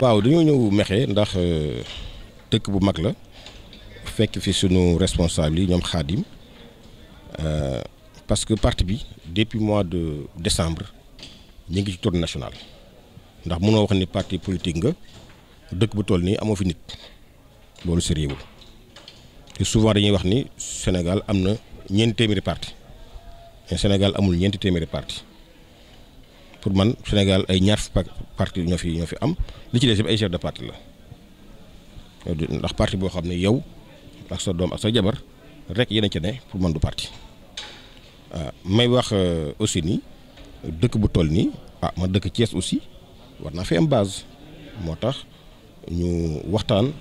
waaw dañoo ñëw mexe ndax euh, dëkk bu mag la fekk fi sunu responsable yi ñoom xaadim euh, parce que parti bi depuis mois de décembre ñu ngi ci tournée nationale ndax mënoo wax ni parti politique nga dëkk bu tool ni amoo fi nit loolu sérieux te souvent dañuy wax ni Sénégal am na ñeenti téeméeri parti mais Sénégal amul ñeenti téeméeri parti pour man Sénégal ay ñaar parti ñoo fi ñoo fi am li ci des ay chef de parti la ndax parti boo xam ne yow ak sa doom ak sa jabar rek yéen ca ci ne pour man du parti euh, may wax euh, aussi ni dëkk bu toll nii ah ma dëkk Thiès aussi war naa fi am base moo tax ñu waxtaan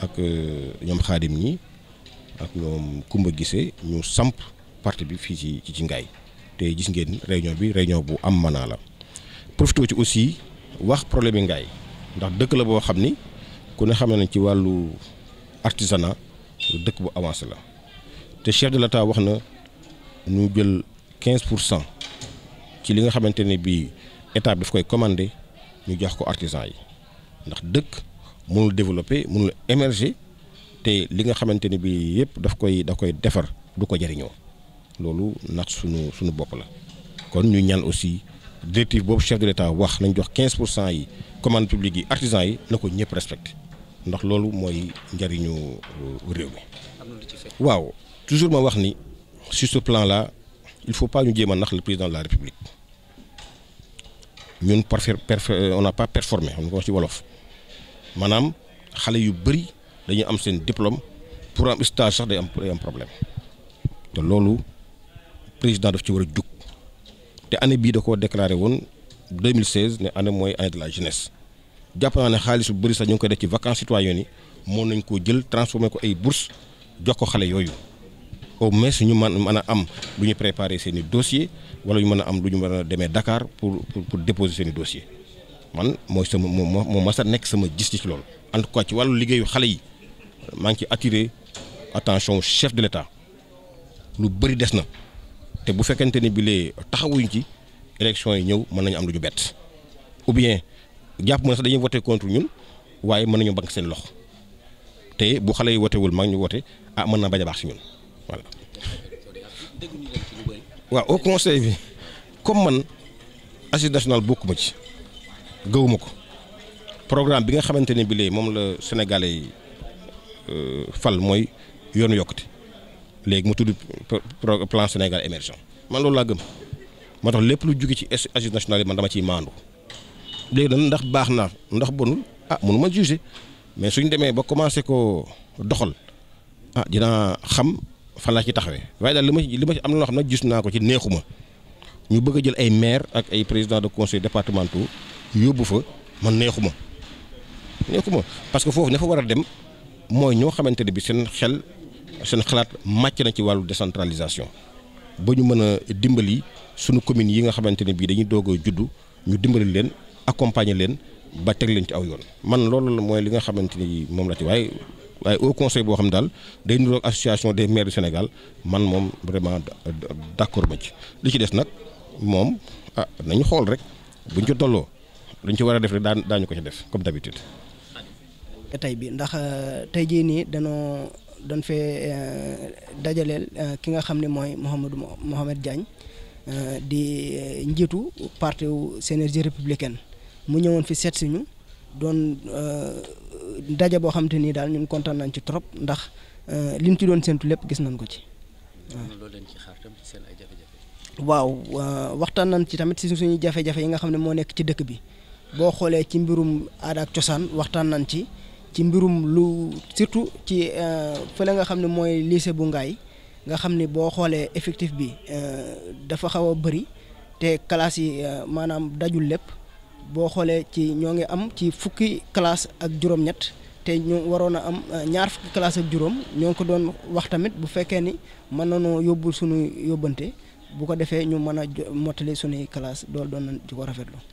ak euh, ñoom xaadim ñi ak ñoom Kumba Gisee ñu samp parti bi fii ci ci Ngaye te gis ngeen réunion bi réunion bu am manaa la profité ci aussi wax problème yi ngaay ndax dëkk la boo xam ni ku ne xamee nañ ci wàllu artisanat dëkk bu avancé la te chef de l'État wax na nu jël quinze pour cent ci li nga xamante ne bii état bi daf koy commandé ñu jox ko artisan yi ndax dëkk mënul développer mënul émerger te li nga xamante ne bii yëpp daf koy daf koy defar du ko jariñoo loolu nax sunu sunu bopp la kon ñu ñaan aussi. directive boobu chef de l'État wax nañu jox 15 pour cent yi commande publique yi artisans yi na ko ñëpp respecté ndax loolu mooy njariñu euh, réew mi. waaw toujours ma wax ni sur ce plan la il faut pas ñu jéem a nax le président de la république ñun parfait euh, on n'a pas performé xam nga ci wolof maanaam xale yu bëri dañuy am seen diplôme pour am stage sax day am day am problème te loolu président daf ci war a jug. te année bii da koo déclaré woon 2016 ne année mooy année de la jeunesse jàpp naa ne xaalis bu bëri sax ñu ngi koy def ci vacances citoyennes yi moom nañ koo jël transformé ko ay bourse jox ko xale yooyu au moins ñu man mën a am lu ñu préparer seen i dossier wala ñu mën a am lu ñu mën a demee dakaar pour pour déposer seen i dossier man mooy sama moo moo ma sa nekk sama gis-gis loolu en tout cas ci wàllu liggéeyu xale yi maa ngi ci attiré attention chef de l'État lu bëri des na te bu fekkente ni bilee taxawuñ ci élection yi ñëw mën nañu am lu ñu bett ou bien jàpp mu ne sax dañuy voté contre ñun waaye mën nañu bank seen lox te bu xale yi wotewul mag ñu wote ah mën na bañ a baax si ñun voilà. waaw au conseil bi comme man assise nationale bokkuma ci gëwuma ko programme bi nga xamante ne bilee moom la Sénégalais yi euh, fal mooy yoonu yokkute. léegi mu tudd plan Sénégal émergent man loolu laa gëm moo tax lépp lu jóge ci agence nationale man dama ciy maandu léegi nag ndax baax na ndax bonul ah mënu ma juger mais suñ demee ba commencé ko doxal ah dinaa xam fan laa ci taxawee waaye daal li ma li ma am na loo xam ne gis naa ko ci ma ñu bëgg a jël ay maire ak ay président de conseil départementaux yóbbu fa man neexuma neexuma parce que foofu ña fa war a dem mooy ñoo xamante ne bi seen xel. seen xalaat màcc na ci wàllu décentralisation ba ñu mën a dimbali sunu communes yi nga xamante ne bii dañuy doog a juddu ñu dimbali leen accompagner leen ba teg leen ci aw yoon man loolu mooy li nga xamante ni moom la ci waaye waaye au conseil boo xam daal day nuroog association des maires du Sénégal man moom vraiment d'accord ba ci li ci des nag moom ah nañu xool rek buñ ci tolloo luñ ci war a def rek daan daañu ko ci def comme d'habitude. tey bi ndax dañ fee euh, dajaleel euh, ki nga xam ne mooy Mouhamadou Mouhamed Diagne euh, di njiitu parti wu Synergie républicaine mu ñëwoon fi seet si ñu doon daja boo xam te nii daal ñun kontaan nañ ci trop ndax liñ ci doon séntu lépp gis nañ ko ci. waaw leen ci waxtaan nañ ci tamit si suñu jafe-jafe yi nga xam ne moo nekk ci dëkk bi boo xoolee ci mbirum aada ak cosaan waxtaan nañ ci. ci mbirum lu surtout ci euh, fële nga xam ne mooy lycée bu Ngaye nga xam ni boo xoolee effective bi euh, dafa xaw a bëri te classes yi euh, maanaam dajul lépp boo xoolee ci ñoo ngi am ci fukki classe ak juróom-ñett te ñu waroon a am ñaar fukki classe ak juróom ñoo ngi ko doon wax tamit bu fekkee ni mën nañoo yóbbul suñu yóbbante bu ko defee ñu mën a mottali sunuy classe dool doon nañ ci ko rafetlu